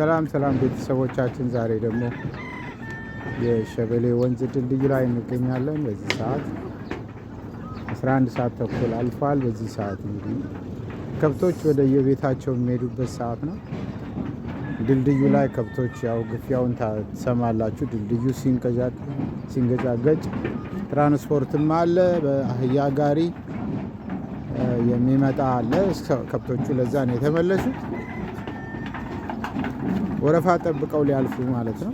ሰላም ሰላም ቤተሰቦቻችን፣ ዛሬ ደግሞ የሸበሌ ወንዝ ድልድይ ላይ እንገኛለን። በዚህ ሰዓት 11 ሰዓት ተኩል አልፏል። በዚህ ሰዓት እንግዲህ ከብቶች ወደ የቤታቸው የሚሄዱበት ሰዓት ነው። ድልድዩ ላይ ከብቶች ያው ግፊያውን ትሰማላችሁ። ድልድዩ ሲንገጫገጭ ትራንስፖርትም አለ፣ በአህያ ጋሪ የሚመጣ አለ። ከብቶቹ ለዛ ነው የተመለሱት። ወረፋ ጠብቀው ሊያልፉ ማለት ነው።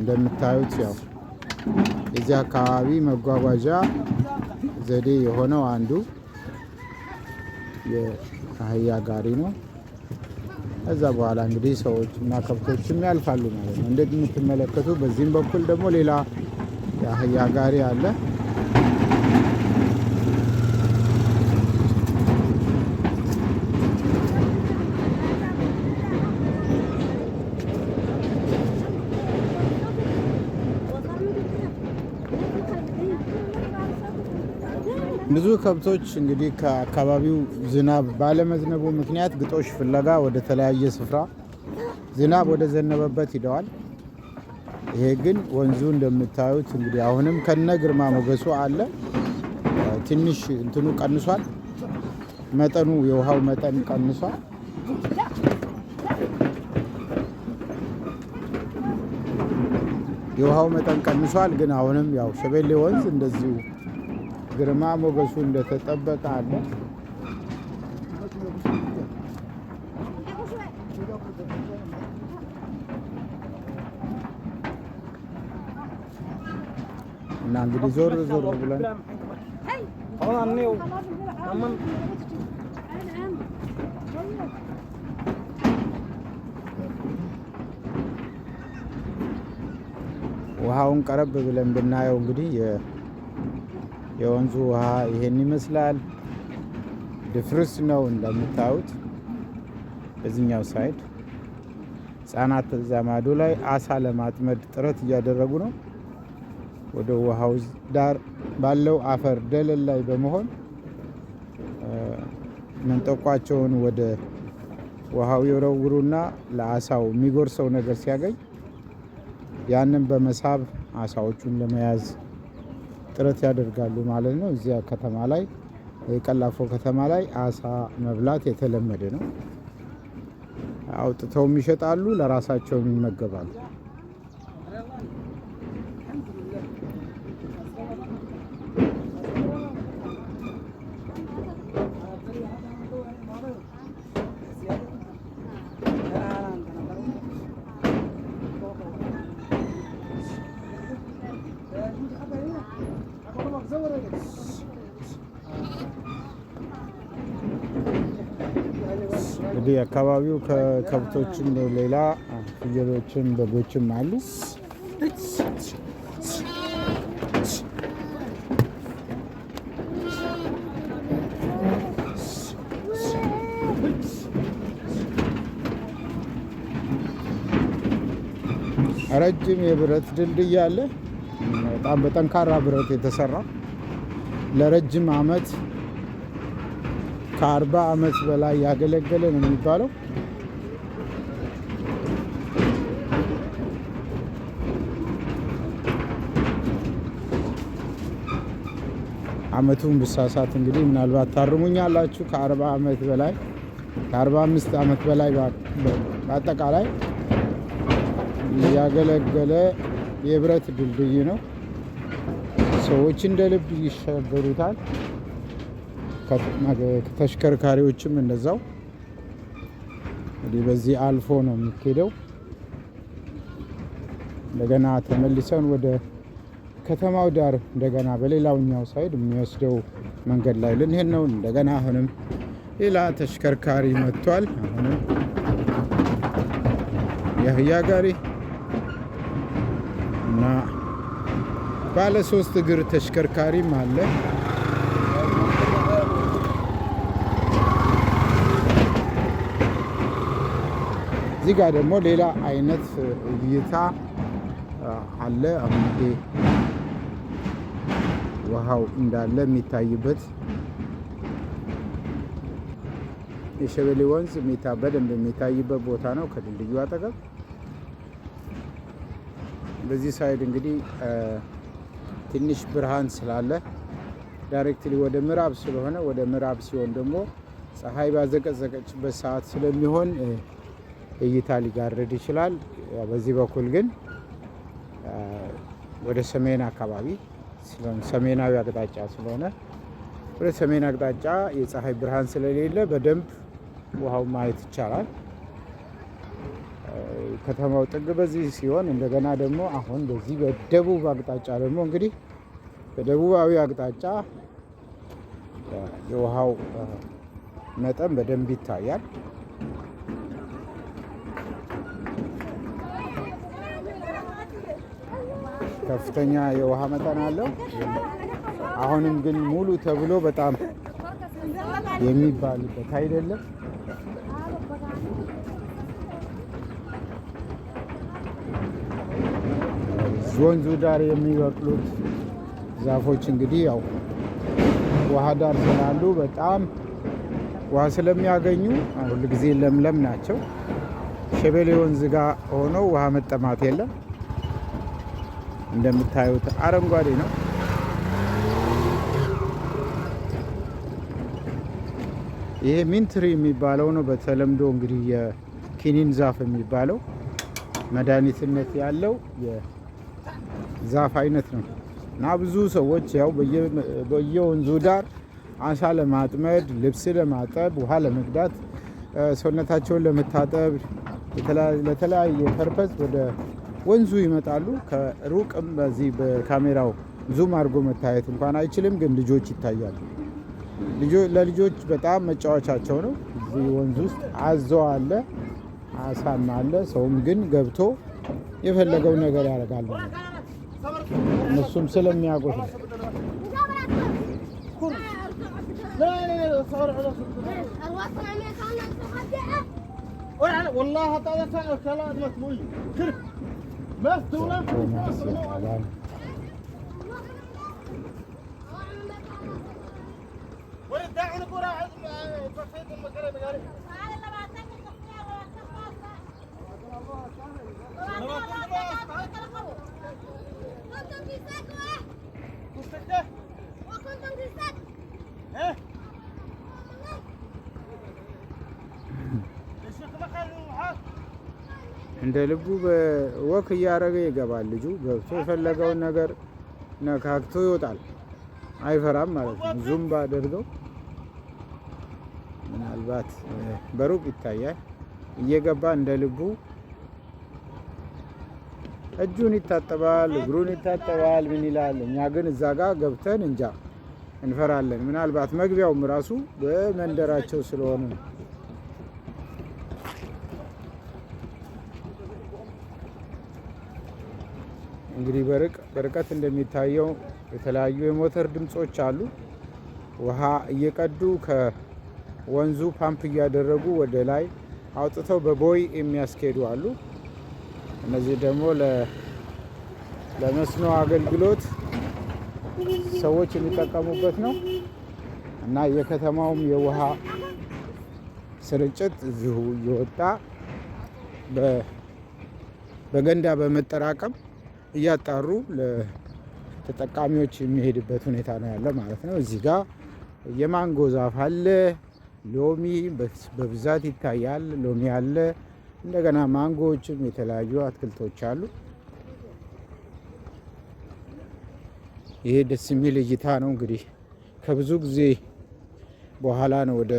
እንደምታዩት ያው የዚህ አካባቢ መጓጓዣ ዘዴ የሆነው አንዱ የአህያ ጋሪ ነው። ከዛ በኋላ እንግዲህ ሰዎች እና ከብቶችም ያልፋሉ ማለት ነው። እንደምትመለከቱ በዚህም በኩል ደግሞ ሌላ የአህያ ጋሪ አለ። ብዙ ከብቶች እንግዲህ ከአካባቢው ዝናብ ባለመዝነቡ ምክንያት ግጦሽ ፍለጋ ወደ ተለያየ ስፍራ ዝናብ ወደ ዘነበበት ሂደዋል። ይሄ ግን ወንዙ እንደምታዩት እንግዲህ አሁንም ከነ ግርማ ሞገሱ አለ። ትንሽ እንትኑ ቀንሷል፣ መጠኑ የውሃው መጠን ቀንሷል። የውሃው መጠን ቀንሷል፣ ግን አሁንም ያው ሸቤሌ ወንዝ እንደዚሁ ግርማ ሞገሱ እንደተጠበቀ አለ። እና እንግዲህ ዞር ዞር ብለን ውሃውን ቀረብ ብለን ብናየው እንግዲህ የወንዙ ውሃ ይሄን ይመስላል። ድፍርስ ነው እንደምታዩት። በዚህኛው ሳይድ ህጻናት እዛ ማዶ ላይ አሳ ለማጥመድ ጥረት እያደረጉ ነው። ወደ ውሃው ዳር ባለው አፈር ደለል ላይ በመሆን መንጠቋቸውን ወደ ውሃው ይወረውሩና ለአሳው የሚጎርሰው ነገር ሲያገኝ ያንን በመሳብ አሳዎቹን ለመያዝ ጥረት ያደርጋሉ ማለት ነው። እዚያ ከተማ ላይ የቀላፎ ከተማ ላይ አሳ መብላት የተለመደ ነው። አውጥተውም ይሸጣሉ፣ ለራሳቸውም ይመገባሉ። እንግዲህ አካባቢው ከከብቶችም ሌላ ፍየሎችም በጎችም አሉ። ረጅም የብረት ድልድይ አለ። በጣም በጠንካራ ብረት የተሰራ ለረጅም ዓመት ከአርባ ዓመት በላይ ያገለገለ ነው የሚባለው። አመቱን ብሳሳት እንግዲህ ምናልባት ታርሙኛላችሁ። ከአርባ ዓመት በላይ ከአርባ አምስት ዓመት በላይ በአጠቃላይ ያገለገለ የብረት ድልድይ ነው። ሰዎች እንደ ልብ ይሻገሩታል። ተሽከርካሪዎችም እንደዛው እንግዲህ በዚህ አልፎ ነው የሚሄደው እንደገና ተመልሰን ወደ ከተማው ዳር እንደገና በሌላውኛው ሳይድ የሚወስደው መንገድ ላይ ልንሄድ ነው። እንደገና አሁንም ሌላ ተሽከርካሪ መጥቷል። አሁንም የአህያ ጋሪ እና ባለ ሶስት እግር ተሽከርካሪም አለ። እዚህ ጋር ደግሞ ሌላ አይነት እይታ አለ። አሁን ይሄ ውሃው እንዳለ የሚታይበት የሸበሌ ወንዝ በደንብ የሚታይበት ቦታ ነው ከድልድዩ አጠገብ። በዚህ ሳይድ እንግዲህ ትንሽ ብርሃን ስላለ ዳይሬክትሊ ወደ ምዕራብ ስለሆነ ወደ ምዕራብ ሲሆን ደግሞ ፀሐይ ባዘቀዘቀችበት ሰዓት ስለሚሆን እይታ ሊጋርድ ይችላል። በዚህ በኩል ግን ወደ ሰሜን አካባቢ ሰሜናዊ አቅጣጫ ስለሆነ ወደ ሰሜን አቅጣጫ የፀሐይ ብርሃን ስለሌለ በደንብ ውሃው ማየት ይቻላል። ከተማው ጥግ በዚህ ሲሆን እንደገና ደግሞ አሁን በዚህ በደቡብ አቅጣጫ ደግሞ እንግዲህ በደቡባዊ አቅጣጫ የውሃው መጠን በደንብ ይታያል። ከፍተኛ የውሃ መጠን አለው። አሁንም ግን ሙሉ ተብሎ በጣም የሚባልበት አይደለም። ወንዙ ዳር የሚበቅሉት ዛፎች እንግዲህ ያው ውሃ ዳር ስላሉ በጣም ውሃ ስለሚያገኙ ሁልጊዜ ለምለም ናቸው። ሸቤሌ ወንዝ ጋር ሆነው ውሃ መጠማት የለም። እንደምታዩት አረንጓዴ ነው። ይሄ ሚንትሪ የሚባለው ነው። በተለምዶ እንግዲህ የኪኒን ዛፍ የሚባለው መድኃኒትነት ያለው የዛፍ አይነት ነው እና ብዙ ሰዎች ያው በየወንዙ ዳር አሳ ለማጥመድ፣ ልብስ ለማጠብ፣ ውሃ ለመቅዳት፣ ሰውነታቸውን ለመታጠብ ለተለያየ ፐርፐዝ ወደ ወንዙ ይመጣሉ። ከሩቅም በዚህ በካሜራው ዙም አድርጎ መታየት እንኳን አይችልም፣ ግን ልጆች ይታያሉ። ለልጆች በጣም መጫወቻቸው ነው። እዚህ ወንዝ ውስጥ አዞ አለ፣ አሳም አለ። ሰውም ግን ገብቶ የፈለገው ነገር ያደርጋል። እነሱም ስለሚያውቁት ነው። وين دعوني كرة عند فرصة المغرب قال እንደ ልቡ ወክ እያደረገ ይገባል። ልጁ ገብቶ የፈለገውን ነገር ነካክቶ ይወጣል። አይፈራም ማለት ነው። ዙም ባደርገው ምናልባት በሩቅ ይታያል። እየገባ እንደ ልቡ እጁን ይታጠባል፣ እግሩን ይታጠባል። ምን ይላል? እኛ ግን እዛ ጋር ገብተን እንጃ እንፈራለን። ምናልባት መግቢያውም ራሱ በመንደራቸው ስለሆኑ ነው። እንግዲህ በርቀት እንደሚታየው የተለያዩ የሞተር ድምፆች አሉ። ውሃ እየቀዱ ከወንዙ ፓምፕ እያደረጉ ወደ ላይ አውጥተው በቦይ የሚያስኬዱ አሉ። እነዚህ ደግሞ ለመስኖ አገልግሎት ሰዎች የሚጠቀሙበት ነው እና የከተማውም የውሃ ስርጭት እዚሁ እየወጣ በገንዳ በመጠራቀም እያጣሩ ለተጠቃሚዎች የሚሄድበት ሁኔታ ነው ያለው ማለት ነው። እዚህ ጋር የማንጎ ዛፍ አለ፣ ሎሚ በብዛት ይታያል። ሎሚ አለ፣ እንደገና ማንጎዎችም የተለያዩ አትክልቶች አሉ። ይሄ ደስ የሚል እይታ ነው። እንግዲህ ከብዙ ጊዜ በኋላ ነው ወደ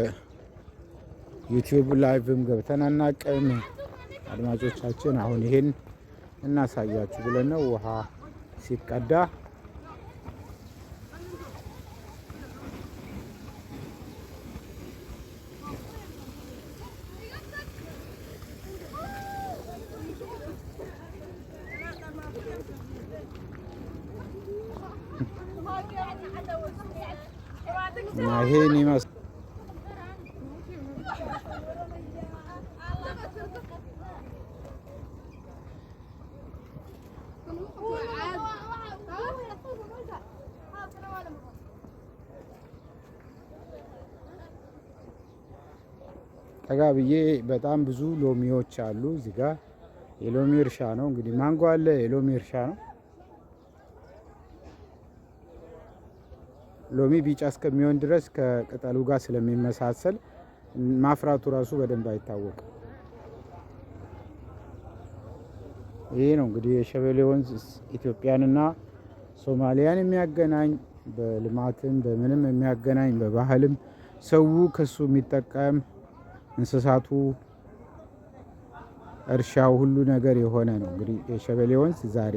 ዩቲዩብ ላይቭም ገብተን አናቅም። አድማጮቻችን አሁን ይሄን እናሳያችሁ ብለን ነው ውሃ ሲቀዳ ይሄን ይመስላል። ጠጋ ብዬ በጣም ብዙ ሎሚዎች አሉ። እዚህ ጋር የሎሚ እርሻ ነው እንግዲህ ማንጎ አለ፣ የሎሚ እርሻ ነው። ሎሚ ቢጫ እስከሚሆን ድረስ ከቅጠሉ ጋር ስለሚመሳሰል ማፍራቱ ራሱ በደንብ አይታወቅም። ይሄ ነው እንግዲህ የሸበሌ ወንዝ ኢትዮጵያንና ሶማሊያን የሚያገናኝ በልማትም በምንም የሚያገናኝ በባህልም ሰው ከሱ የሚጠቀም እንስሳቱ፣ እርሻው፣ ሁሉ ነገር የሆነ ነው። እንግዲህ የሸበሌ ወንዝ ዛሬ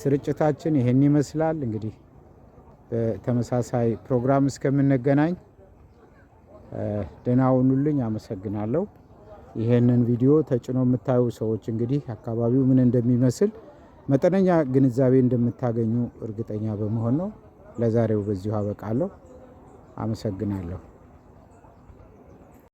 ስርጭታችን ይሄን ይመስላል። እንግዲህ በተመሳሳይ ፕሮግራም እስከምንገናኝ ደህና ሁኑልኝ። አመሰግናለሁ። ይሄንን ቪዲዮ ተጭኖ የምታዩ ሰዎች እንግዲህ አካባቢው ምን እንደሚመስል መጠነኛ ግንዛቤ እንደምታገኙ እርግጠኛ በመሆን ነው። ለዛሬው በዚሁ አበቃለሁ። አመሰግናለሁ።